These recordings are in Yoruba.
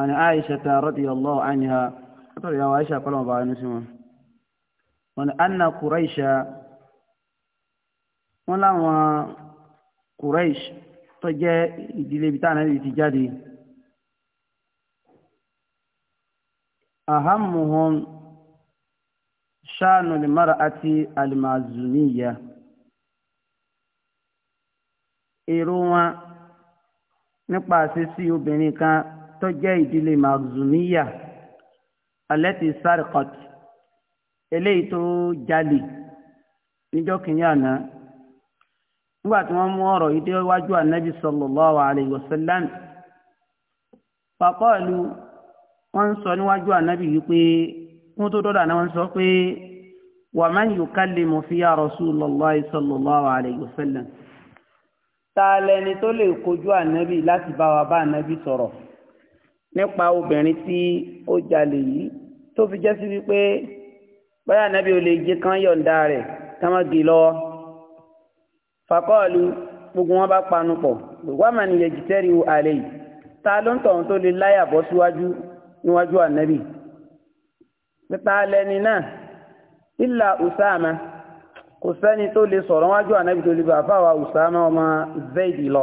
عن عائشة رضي الله عنها أطلع يا عائشة قلوا بعض نسمة وأن أن ولا ما قريش تجا إدلي بتاعنا الاتجادي أهمهم شان المرأة المعزومية irú wọn nípa àṣìṣí tó jẹ́ ìdílé mazumiya alẹ́tì sarqat eléyìí tó jalè níjọ́ kìíní àná nígbà tí wọ́n mú ọ̀rọ̀ yìí déwájú anabi sallallahu alayhi wa sallam faqalu wọ́n ń sọ níwájú anabi yìí pé wọ́n tó dọ́dọ̀ àná wọ́n sọ pé wa man yukallimu fiya rasulullah sallallahu alayhi wa sallam ta lẹni tó lè kojú anabi láti bá wa bá anabi sọ̀rọ̀ nípa obìnrin tí ó jalè yìí tó fi jẹ́ sí wípé báyà nábì ò lè jẹ́ kán yọ̀ǹda rẹ̀ kámọ́gì e lọ́wọ́ fàkọ́ọ̀lù gbogbo wọn bá panu pọ̀ gbogbo àmà ni yẹjìtẹ́rì àlẹ́ yìí ta ló ń tọ̀hún tó lè láyà bọ́ síwájú níwájú ànábì pípa lẹni náà ìlà Usama kò sẹ́ni tó lè sọ̀rọ̀ wájú ànábì tó lè bàbá wa Usama ọmọ Zaidi lọ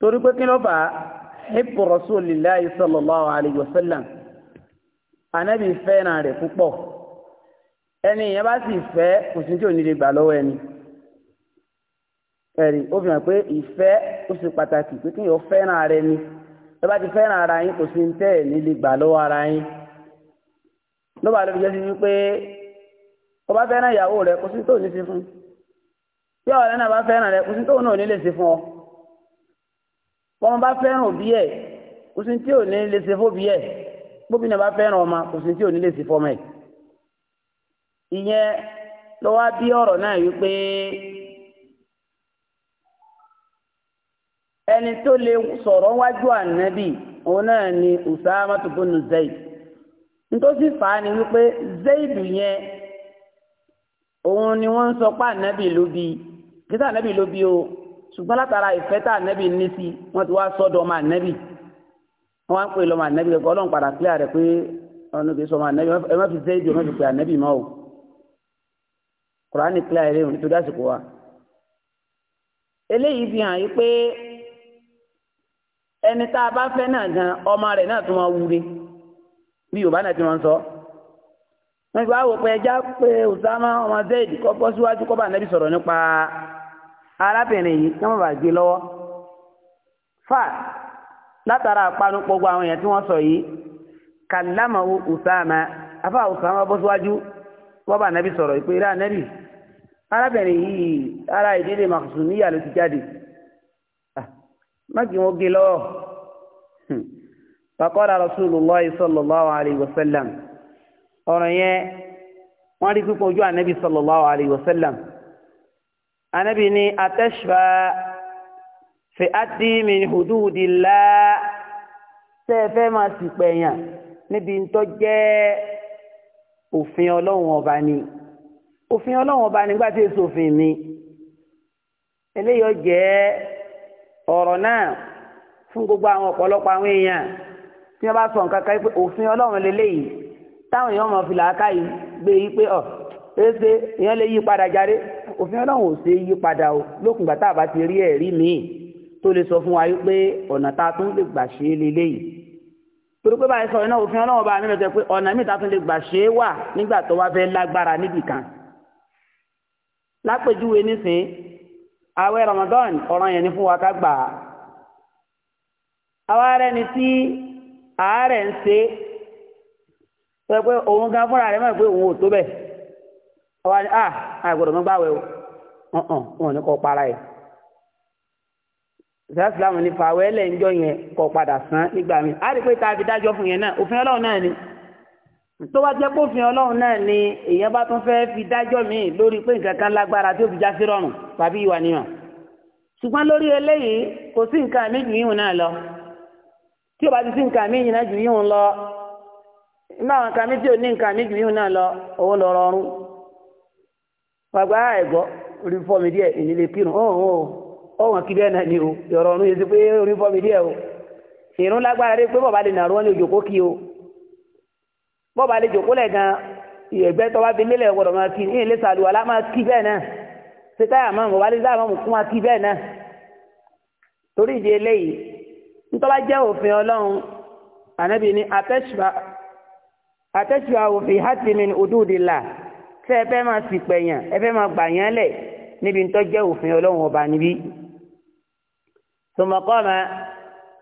torí pé kí ló fà á حب rasulillahi sallallahu صلى الله عليه وسلم fẹ́ràn rẹ̀ púpọ̀ ẹni yẹn bá sì fẹ́ kò sí tí ò ní lè gbà lọ́wọ́ ẹni ẹ̀rí ó fi hàn pé ìfẹ́ ó sì pàtàkì pé kí n yọ fẹ́ràn ara ẹni ẹ bá ti fẹ́ràn ara yín kò sí ní tẹ́ ní lè gbà lọ́wọ́ ara yín lọ́ba ló fi sí wípé ó bá fẹ́ràn ìyàwó rẹ̀ kò sí tó ní sí fún tí ọ̀rẹ́ náà bá fẹ́ràn rẹ̀ kò sí tó náà ní lè sí fún ọ bọ́mọ bá fẹ́ràn òbí ẹ̀ kò sí tí ò ní lè ṣe fóbi ẹ̀ bóbi náà bá fẹ́ràn ọmọ kò sí tí ò ní lè ṣe fọmọ ẹ̀. ìyẹn ló wá bí ọ̀rọ̀ náà wípé ẹni tó lè sọ̀rọ̀ wájú ànábì òun náà ni Usama tó bónú Zaid nítòsí fà á ni wípé Zaid yẹn òun ni wọ́n ń sọ pé ànábì ló bí kí sànábì ló bí o ṣùgbọ́n látara ìfẹ́ tá ànẹ́bì ní sí wọ́n ti wá sọ́dọ̀ ọmọ ànẹ́bì wọ́n wá ń pè lọ́mọ ànẹ́bì ẹ̀kọ́ ọlọ́run padà clear rẹ̀ pé ọ̀nà kìí sọ ọmọ ànẹ́bì ẹ má fi ṣe ìdí ọmọ fi pè ànẹ́bì mọ́ o kùránì clear rẹ̀ nítorí àsìkò wa. eléyìí fi hàn yí pé ẹni tá a bá fẹ́ náà gan ọmọ rẹ̀ náà tún máa wúre bí yorùbá náà ti máa sọ wọ́n ti wá wò pé ẹjá pé Usama ọmọ Zaid kọ́ bọ́ síwájú kọ́ bá ànẹ́bì sọ̀rọ̀ nípa arábìnrin yìí kí wọ́n bá gbé lọ́wọ́ fà látara àpanupọ̀ gbogbo àwọn èèyàn tí wọ́n sọ yìí kàlámà Usama afá Usama bọ́ síwájú wọ́n bá nẹ́bí sọ̀rọ̀ ìpè rà nẹ́bí arábìnrin yìí ara ìdílé Makhzumiyya ló ti jáde ah, má kí wọ́n gé lọ́wọ́ hmm. faqala Rasulullah sallallahu alayhi wa ọ̀rọ̀ yẹn wọ́n rí pípọ̀ ojú ànẹ́bí sallallahu alayhi wa anabi ni atashfa fi ati min hududillah tẹ́ ẹ fẹ́ máa sì pẹ̀yàn níbi ń tọ́ jẹ́ òfin ọlọ́run ọba ni òfin ọlọ́run ọba nígbà tí èso òfin mi eléyìí jẹ́ ọ̀rọ̀ náà fún gbogbo àwọn ọ̀pọ̀lọpọ̀ àwọn èèyàn tí wọ́n bá sọ nǹkan kan pé òfin ọlọ́run lélẹ́yìí táwọn èèyàn mọ̀ fìlà ká yìí gbé yìí pé ọ̀ ṣeéṣe ìyẹn lè yí padà jáde òfin ọlọ́run ò ṣe yí padà o lókun gbà tá a bá ti rí ẹ̀rí míì tó lè sọ fún wa pé ọ̀nà tá a tún lè gbà ṣe é leléyìí torí pé báyìí sọ iná òfin ọlọ́run bá mi lọ sọ pé ọ̀nà míì tá a tún lè gbà ṣe é wà nígbà tó wá fẹ́ lágbára níbì kan lápèjúwe nísìn àwẹ̀ Ramadan ọ̀ràn yẹn ni fún wa ká gbà á àwa rẹ ni tí àárẹ̀ ń ṣe pé òun gan fúnra rẹ̀ mọ̀ pé òun ò tó bẹ́ẹ̀ ọwọ́ ni ah àgbọ̀dọ̀ o wọn ni kò para ìsàlámù fàwẹ́ yẹn kò padà sàn nígbà mi a rí pé tá a fi dájọ́ fún yẹn náà òfin ọlọ́run náà ni tó mi lórí pé nǹkan kan lágbára fi já sí rọrùn tàbí ìwà ṣùgbọ́n lórí eléyìí kò sí nǹkan mi náà lọ tí bá ti sí nǹkan mi yìí náà lọ àwọn nǹkan wàgbà ego ah, orí fọ́ mi díẹ̀ ìnílé kírun ọ̀hún ọ̀hún kí bẹ́ẹ̀ ni o yọ̀rọ̀ ọ̀run yẹn ti o irun lagbara rí pé bọ́ọ̀bá lè nàró wọn o bọ́ọ̀bá lè jòkó lẹ̀ gan ìyẹ̀gbẹ́ tọ́wá fi lélẹ̀ ọ̀gbọ̀dọ̀ máa kí ní ilé sàlùwà lá máa kí bẹ́ẹ̀ náà ṣe táyà máa mọ̀ wálé láà máa mọ̀ kún wa kí náà torí ìdí eléyìí ntọ́ba jẹ́ òfin ọlọ́run ànábì ní atẹ́sùwà òfin hátìmí ní tẹ́ ẹ fẹ́ máa sì pẹ̀yàn ẹ fẹ́ máa gbà yán lẹ̀ níbi tó jẹ́ òfin ọlọ́run ọba níbí. sọmọkọ́mọ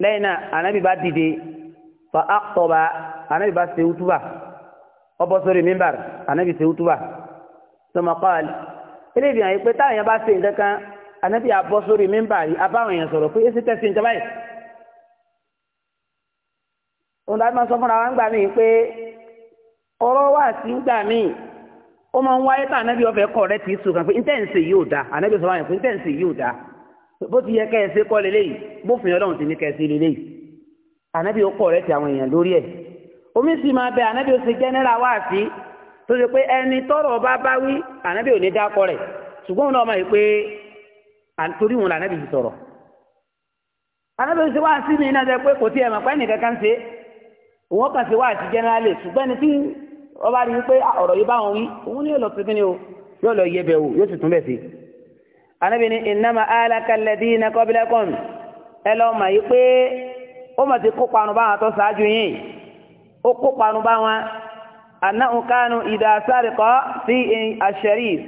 lẹ́yìn náà ànábì bá dìde fa àkọ́bà ànábì bá ṣe wútúbà ọbọ̀ sórí mímbàr ànábì ṣe wútúbà sọmọkọ́l eléyìí àyè pé táwọn èèyàn bá ṣe nǹkan kan ànábì àbọ̀ sórí mímbàr abáwọn èèyàn sọ̀rọ̀ pé èsì tẹ̀sí nǹkan báyìí. òun dájú máa sọ fúnra wa ń gbà mí pé ọ̀rọ̀ wà sí ń gbà míì ó máa ń wáyé tá ànábì ọ̀fẹ́ kọ̀ rẹ ti sùn kan pé intẹ́ǹsì yóò da ànábì sọ wáyé pé intẹ́ǹsì yóò da bó ti yẹ kẹ́ ẹ ṣe kọ́ leléyìí bófin ọlọ́run ti ní kẹ́ ẹ ṣe leléyìí ànábì ó kọ̀ rẹ ti àwọn èèyàn lórí ẹ̀ omi sì máa bẹ ànábì ó ṣe general wá sí tó ṣe pé ẹni tọrọ bá bá wí ànábì ò ní dákọ rẹ ṣùgbọ́n òun náà máa yẹ pé torí òun lànábì ti sọ̀rọ̀ ànábì ó ṣe wá sí mi náà ṣe pé kò tí ẹ mọ̀ pé ẹnì kankan ṣe òun kàn ṣe wá sí general wọ́n bá rí i pé ah, ọ̀rọ̀ yìí bá wọn wí òun ni yóò lọ sí kí ni o yóò lọ yẹ bẹ̀ wò yóò sì tún bẹ̀ sí. anábì ní ìnáma alákàlẹ́dì iná kọ́bílẹ́kọ̀n ẹ lọ mà yìí pé ó mà ti kó panu báwọn tó ṣáájú yìí ó kó panu báwọn àná òkánu ìdásárìkọ́ sí àṣẹríf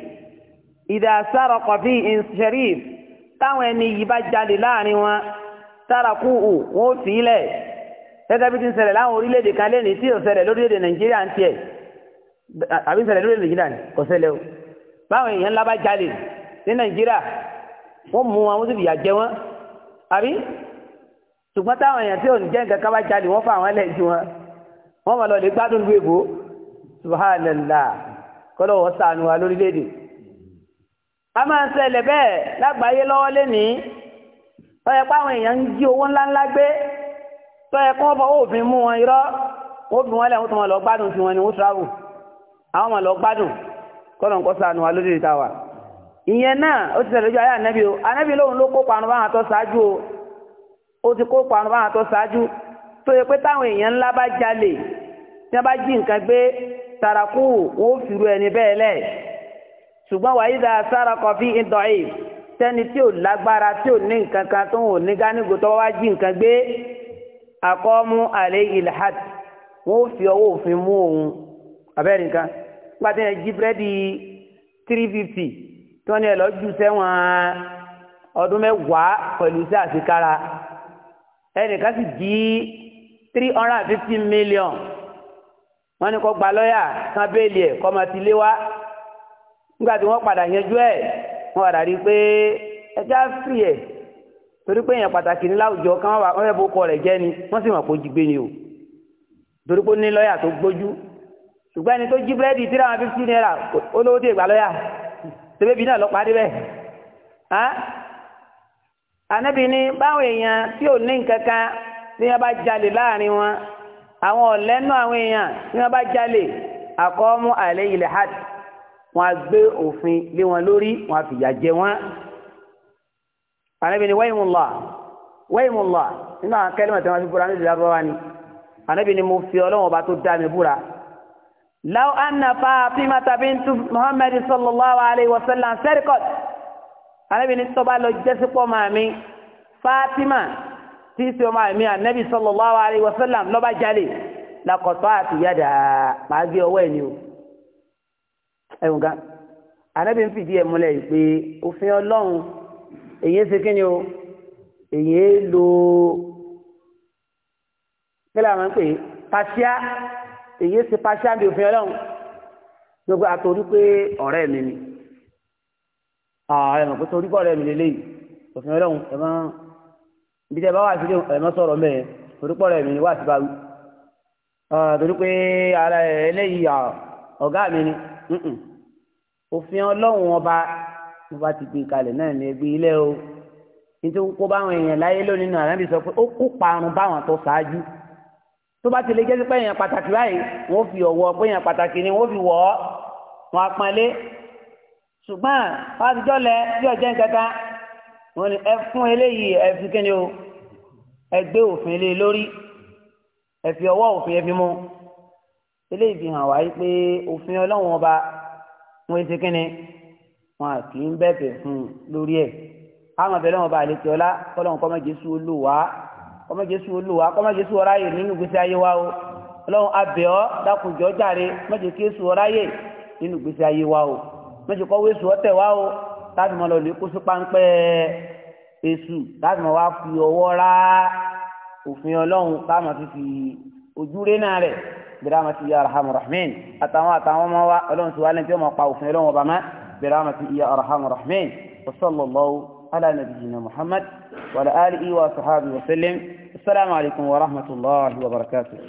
ìdásárọ̀kọ̀ sí àṣẹríf táwọn ẹni yìí bá jáde láàrin wọn tárakù ù wọn ó fi gẹ́gẹ́ bí ti ń ṣẹlẹ̀ láwọn orílẹ̀-èdè kan lẹ́ni tí ò ṣẹlẹ̀ lórílẹ̀-èdè Nàìjíríà ń tiẹ̀ àbí ṣẹlẹ̀ lórí nàìjíríà ni kò ṣẹlẹ̀ o báwọn èèyàn ńlá bá jalè ní nàìjíríà wọ́n mú wọn wọ́n sì fìyà jẹ wọ́n àbí ṣùgbọ́n táwọn èèyàn tí ò ní jẹ́ nǹkan ká bá jalè wọ́n fà wọ́n lẹ̀ ju wọn wọ́n mọ̀ lọ lè gbádùn ìlú èbó subhanallah kọ́lọ́ wọ́n sànù wa lórílẹ̀‐èdè a máa ń ṣẹlẹ̀ bẹ́ẹ̀ lágbàáyé lọ́wọ́ lénìí tọ́yẹ páwọn èèyàn ń jí owó ńláńlá gbé tọ́yẹ kọ́ bọ́ òfin mú wọn irọ́ òfin wọn lẹ̀ wọ́n tó wọn lọ gbádùn sí wọn ni wọ́n travel àwọn ọmọ lọ gbádùn kọ́nà ń kọ́ sànù wa wa ìyẹn náà ó ti ṣẹlẹ̀ lójú ayé ànábì o ànábì lóhun ló kó o ó ti kó parun báwọn àtọ́ ṣáájú tó yẹ pé táwọn èèyàn ńlá bá jalè tí wọ́n bá jí nǹkan gbé fìrú ẹni bẹ́ẹ̀ lẹ̀ ṣùgbọ́n fi ń dọ̀ tí ò lágbára tí ò ní nǹkan kan tó ò ní gánígò tó wá abẹ́rẹ́ nǹkan pàtẹ yẹn jí búrẹ́dì three fifty tí wọ́n ní ẹ lọ jù sẹ́wọ̀n ọdún mẹ́wàá pẹ̀lú iṣẹ́ àṣekára ẹnìkan sì jí three hundred and fifty million wọ́n ní kó gba lọ́ọ̀yà kan béèlì ẹ̀ kọ́ máa ti lé wá nígbà tí wọ́n padà yanjú ẹ̀ wọ́n padà rí i pé ẹja fìrì ẹ̀ torí pé èèyàn pàtàkì ní láwùjọ kan wọ́n fẹ́ bó kọ rẹ̀ jẹ́ ni wọ́n sì mọ̀ pé ó jí gbé ni o torí pé ó ní lọ́ọ̀yà tó gbójú ṣùgbọ́n ẹni tó jí búrẹ́dì tíra wọn fífi náírà olówó tó ìgbà lọ́yà tẹ́lẹ̀bí náà lọ́pàá débẹ̀. ànábì ni báwọn èèyàn tí ò ní nǹkan kan tí wọ́n bá jalè láàrin wọn àwọn ọ̀lẹ́nu àwọn èèyàn tí wọ́n bá jalè àkọ́mú àlẹ́ ilẹ̀ hàt wọn á gbé òfin lé wọn lórí wọn á fìyà jẹ wọn. ànábì ni wayimullah wayimullah nínú àwọn kẹ́lẹ́mọ̀ tí wọ́n fi búra ní ìdílé àbúrò ni ànábì ni mo fi ọlọ́wọ́n ọba tó dá mi búra لو أن فاطمة بنت محمد صلى الله عليه وسلم سرقت أنا بنت بالو جسق مامي فاطمة تيسي مامي النبي صلى الله عليه وسلم لو بجالي لقطعت يدها ما زي وينيو أيوة أنا بنت في دي مولاي بي وفي الله إيه سكنيو إيه لو كلامك ما èyí ṣe pàṣẹ òfin ọlọ́run gbogbo àtòrí pé ọ̀rẹ́ mi ni ọ̀rẹ́ mi kò torí pé ọ̀rẹ́ mi lélẹ́yìí òfin ọlọ́run ẹ̀ máa bí tẹ́ bá wà sílé ẹ̀ máa sọ̀rọ̀ mẹ́ẹ̀ torí pé ọ̀rẹ́ mi ni wà sí báwí torí pé ara ẹlẹ́yìí ọ̀gá mi ni òfin ọlọ́run ọba mo bá ti gbé kalẹ̀ náà ní ẹgbẹ́ ilé o nítorí kó báwọn èèyàn láyé lónìí náà àrẹ́bí sọ pé ó kó parun báwọn tó ṣáájú tó bá ti lè jẹ́ pé èèyàn pàtàkì báyìí wọ́n fi ọ̀wọ́ pé èèyàn pàtàkì ni wọ́n fi wọ̀ ọ́ wọn apọnlé ṣùgbọ́n fásitì lẹ bí ọjọ́ ìkẹta wọn ni ẹ fún eléyìí ẹ fi kíni o ẹ gbé òfin lé e lórí ẹ fi ọwọ́ òfin ẹ fi mú eléyìí fi hàn wáyé pé òfin ọlọ́run ọba wọn ti kíni wọn kì í bẹ̀bẹ̀ fún lórí ẹ̀ àwọn ọ̀bẹ̀ lọ́wọ́ ọba àlejò ọlá kọ́lọ́run kọ́ mọ́ jésù olúwa kọ́mọ jésù olúwa kọ́mọ jésù ọ̀ráyè nínú gbèsè ayé wa o ọlọ́run abẹ́ ọ́ dákunjọ́ jàre mọ́jẹ́ kí èsù ọ̀ráyè nínú gbèsè ayé wa o mọ́jẹ́ kọ́wé èsù ọ̀tẹ̀ wa o láti mọ́ lọ lè kó sí páńpẹ́ èsù láti mọ́ wá fi ọwọ́ rá òfin ọlọ́run táwọn ti fi ojú rẹ́ náà rẹ̀ biramati ya arhamu Rahman àtàwọn àtàwọn ọmọ wa ọlọ́run ti wá lẹ́ni tí wọ́n pa òfin ọlọ́run ọba mọ́ biramati ya arhamu rahmin wa sallallahu على نبينا محمد وعلى آله وصحابه وسلم السلام عليكم ورحمة الله وبركاته